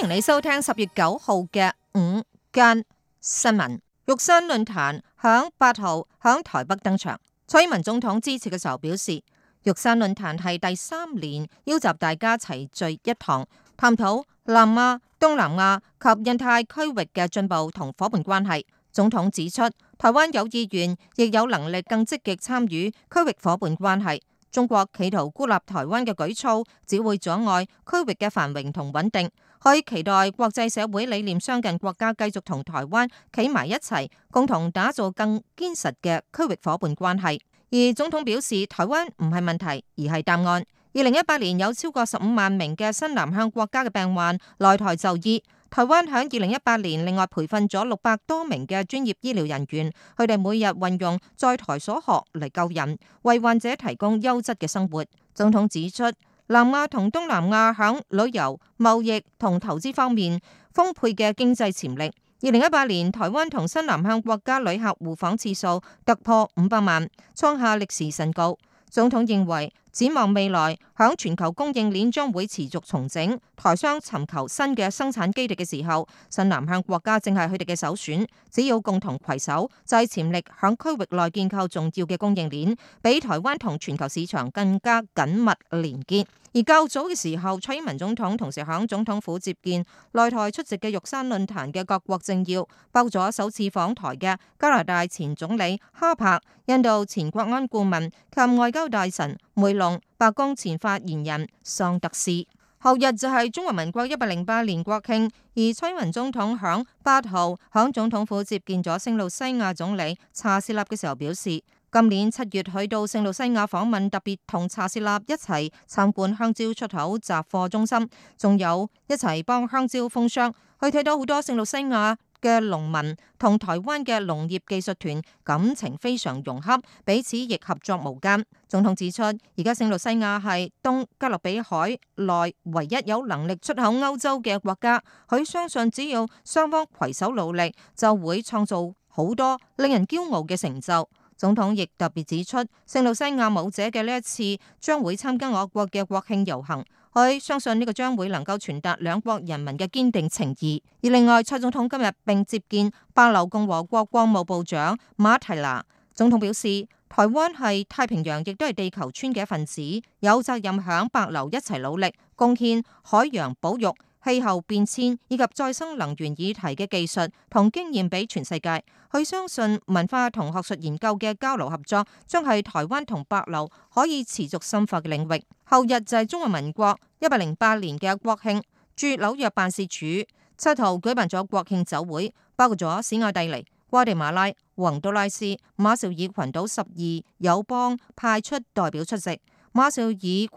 歡迎你收聽十月九號嘅午間新聞。玉山論壇響八號響台北登場。蔡英文總統支持嘅時候表示，玉山論壇係第三年邀集大家齊聚一堂，探討南亞、東南亞及印太區域嘅進步同伙伴關係。總統指出，台灣有意願亦有能力更積極參與區域伙伴關係。中國企圖孤立台灣嘅舉措只會阻礙區域嘅繁榮同穩定。可期待國際社會，理念相近國家繼續同台灣企埋一齊，共同打造更堅實嘅區域伙伴關係。而總統表示，台灣唔係問題，而係答案。二零一八年有超過十五萬名嘅新南向國家嘅病患來台就醫，台灣響二零一八年另外培訓咗六百多名嘅專業醫療人員，佢哋每日運用在台所學嚟，救人，為患者提供優質嘅生活。總統指出。南亞同東南亞響旅遊、貿易同投資方面豐沛嘅經濟潛力。二零一八年，台灣同新南向國家旅客互訪次數突破五百萬，創下歷史新高。總統認為，展望未來，響全球供應鏈將會持續重整，台商尋求新嘅生產基地嘅時候，新南向國家正係佢哋嘅首選。只要共同攜手，就係潛力響區域內建構重要嘅供應鏈，比台灣同全球市場更加緊密連結。而較早嘅時候，蔡英文總統同時喺總統府接見內台出席嘅玉山論壇嘅各國政要，包咗首次訪台嘅加拿大前總理哈柏、印度前國安顧問及外交大臣梅隆、白宮前發言人桑德斯。後日就係中華民國一百零八年國慶，而蔡英文總統響八號響總統府接見咗聖露西亞總理查斯納嘅時候表示。今年七月去到聖露西亞訪問，特別同查士納一齊參觀香蕉出口集貨中心，仲有一齊幫香蕉封箱。佢睇到好多聖露西亞嘅農民同台灣嘅農業技術團感情非常融洽，彼此亦合作無間。總統指出，而家聖露西亞係東加勒比海內唯一有能力出口歐洲嘅國家，佢相信只要雙方攜手努力，就會創造好多令人驕傲嘅成就。總統亦特別指出，聖露西亞舞者嘅呢一次將會參加我國嘅國慶遊行，佢相信呢個將會能夠傳達兩國人民嘅堅定情誼。而另外，蔡總統今日並接見帛琉共和國國務部長馬提娜。總統表示，台灣係太平洋亦都係地球村嘅一份子，有責任響帛琉一齊努力，貢獻海洋保育。氣候變遷以及再生能源議題嘅技術同經驗俾全世界。佢相信文化同學術研究嘅交流合作，將係台灣同帛琉可以持續深化嘅領域。後日就係中華民國一百零八年嘅國慶，駐紐約辦事處七號舉辦咗國慶酒會，包括咗史瓦帝尼、瓜地馬拉、洪都拉斯、馬紹爾群島、十二友邦派出代表出席。馬紹爾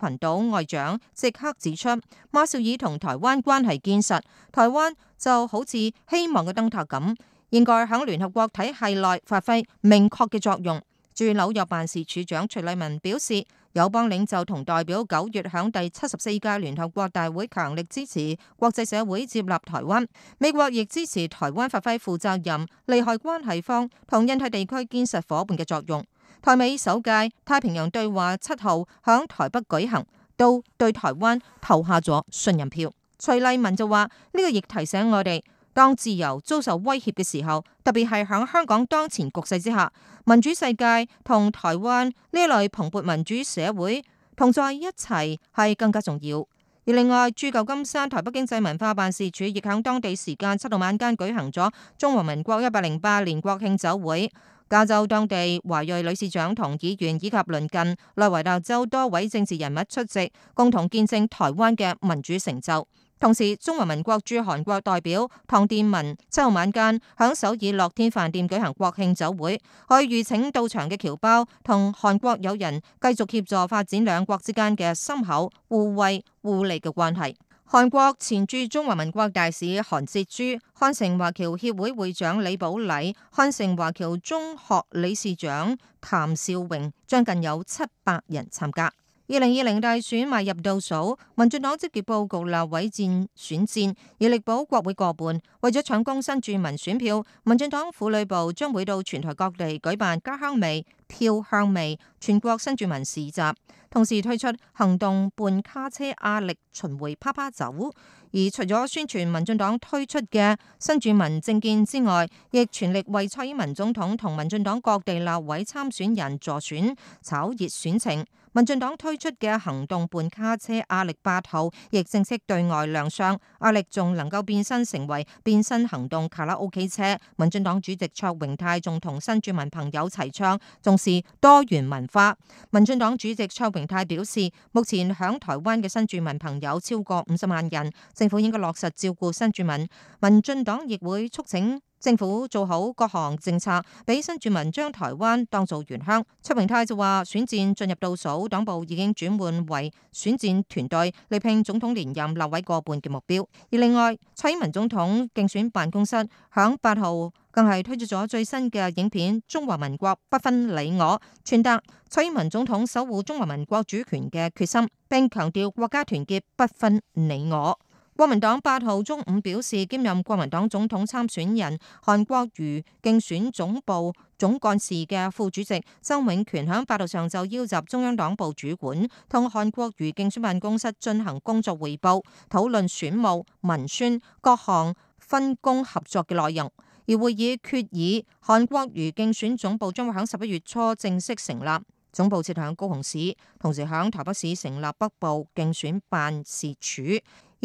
群島外長即刻指出，馬紹爾同台灣關係堅實，台灣就好似希望嘅燈塔咁，應該喺聯合國體系內發揮明確嘅作用。駐紐約辦事處長徐麗文表示，友邦領袖同代表九月喺第七十四屆聯合國大會強力支持國際社會接納台灣，美國亦支持台灣發揮負責任、利害關係方同印太地區堅實夥伴嘅作用。台美首屆太平洋對話七號響台北舉行，都對台灣投下咗信任票。徐麗文就話：呢個亦提醒我哋，當自由遭受威脅嘅時候，特別係響香港當前局勢之下，民主世界同台灣呢類蓬勃民主社會同在一齊係更加重要。而另外，駐舊金山台北經濟文化辦事處亦響當地時間七號晚間舉行咗中華民國一百零八年國慶酒會。加州當地華裔女市長同議員以及鄰近內維達州多位政治人物出席，共同見證台灣嘅民主成就。同時，中華民國駐韓國代表唐殿文七號晚間響首爾樂天飯店舉行國慶酒會，可以預請到場嘅僑胞同韓國友人，繼續協助發展兩國之間嘅深厚互惠互利嘅關係。韓國前駐中華民國大使韓哲珠、漢城華僑協會會長李寶禮、漢城華僑中學理事長譚少榮，將近有七百人參加。二零二零大選邁入倒數，民進黨積極佈局立委戰選，選戰，以力保國會過半。為咗搶攻新住民選票，民進黨婦女部將會到全台各地舉辦家鄉味跳鄉味全國新住民市集，同時推出行動胖卡車壓力巡迴趴趴走。而除咗宣傳民進黨推出嘅新住民政見之外，亦全力為蔡英文總統同民進黨各地立委參選人助選，炒熱選情。民進黨推出嘅行動胖卡車阿力八號亦正式對外亮相，阿力仲能夠變身成為變身行動卡拉 OK 車。民進黨主席卓榮泰仲同新住民朋友齊唱，重視多元文化。民進黨主席卓榮泰表示，目前響台灣嘅新住民朋友超過五十萬人，政府應該落實照顧新住民。民進黨亦會促請。政府做好各項政策，俾新住民將台灣當做原鄉。卓榮泰就話：選戰進入倒數，黨部已經轉換為選戰團隊，力拼總統連任立委過半嘅目標。而另外，蔡英文總統競選辦公室響八號更係推出咗最新嘅影片《中華民國不分你我》，傳達蔡英文總統守護中華民國主權嘅決心，並強調國家團結不分你我。國民黨八號中午表示，兼任國民黨總統參選人韓國瑜競選總部總幹事嘅副主席曾永權喺八號上晝邀集中央黨部主管同韓國瑜競選辦公室進行工作匯報，討論選務、文宣各項分工合作嘅內容。而會議決議，韓國瑜競選總部將會喺十一月初正式成立，總部設響高雄市，同時響台北市成立北部競選辦事處。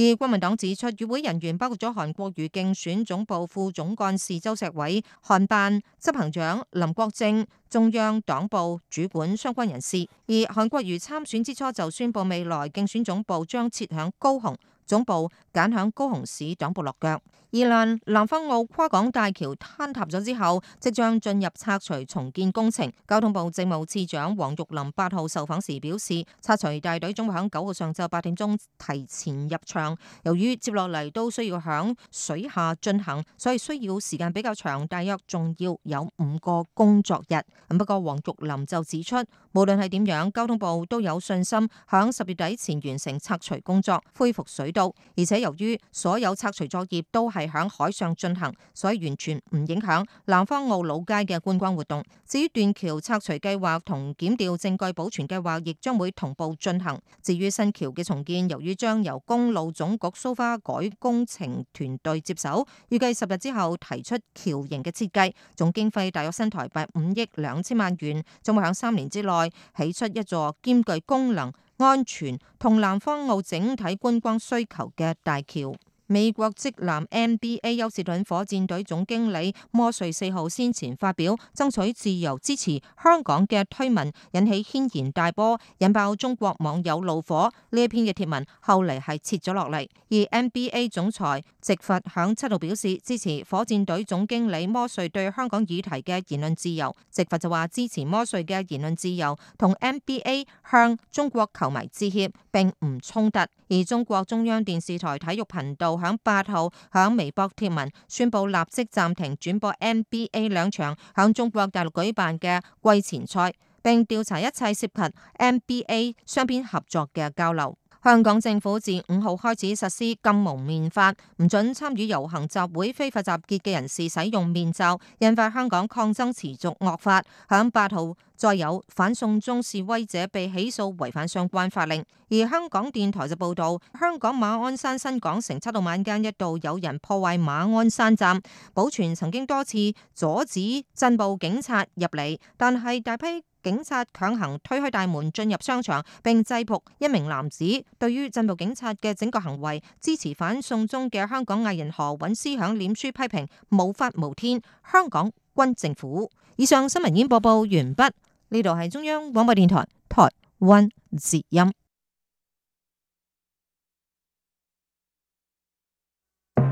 而國民黨指出，與會人員包括咗韓國瑜競選總部副總幹事周石偉、韓辦執行長林國正、中央黨部主管相關人士。而韓國瑜參選之初就宣布，未來競選總部將設響高雄，總部揀響高雄市黨部落腳。宜蘭，南方澳跨港大橋坍塌咗之後，即將進入拆除重建工程。交通部政務次長黃玉林八號受訪時表示，拆除大隊將會喺九號上晝八點鐘提前入場。由於接落嚟都需要響水下進行，所以需要時間比較長，大約仲要有五個工作日。咁不過黃玉林就指出，無論係點樣，交通部都有信心響十月底前完成拆除工作，恢復水道。而且由於所有拆除作業都係，係喺海上進行，所以完全唔影響南方澳老街嘅觀光活動。至於斷橋拆除計劃同檢調證據保存計劃，亦將會同步進行。至於新橋嘅重建，由於將由公路總局蘇花改工程團隊接手，預計十日之後提出橋型嘅設計，總經費大約新台幣五億兩千萬元，將會喺三年之內起出一座兼具功能、安全同南方澳整體觀光需求嘅大橋。美國職籃 NBA 休士頓火箭隊總經理摩瑞四號先前發表爭取自由支持香港嘅推文，引起軒然大波，引爆中國網友怒火。呢一篇嘅貼文後嚟係撤咗落嚟，而 NBA 總裁直罰響七度表示支持火箭隊總經理摩瑞對香港議題嘅言論自由。直罰就話支持摩瑞嘅言論自由同 NBA 向中國球迷致歉，並唔衝突。而中國中央電視台體育頻道喺八號喺微博貼文宣佈立即暫停轉播 NBA 兩場喺中國大陸舉辦嘅季前賽，並調查一切涉及 NBA 雙邊合作嘅交流。香港政府自五號開始實施禁蒙面法，唔准參與遊行集會、非法集結嘅人士使用面罩，引發香港抗爭持續惡化。響八號再有反送中示威者被起訴違反相關法令。而香港電台就報道，香港馬鞍山新港城七號晚間一度有人破壞馬鞍山站，保全曾經多次阻止鎮暴警察入嚟，但係大批。警察強行推開大門進入商場，並製伏一名男子。對於鎮暴警察嘅整個行為，支持反送中嘅香港藝人何韻詩響臉書批評無法無天，香港軍政府。以上新聞演播報完畢。呢度係中央廣播電台台灣之音。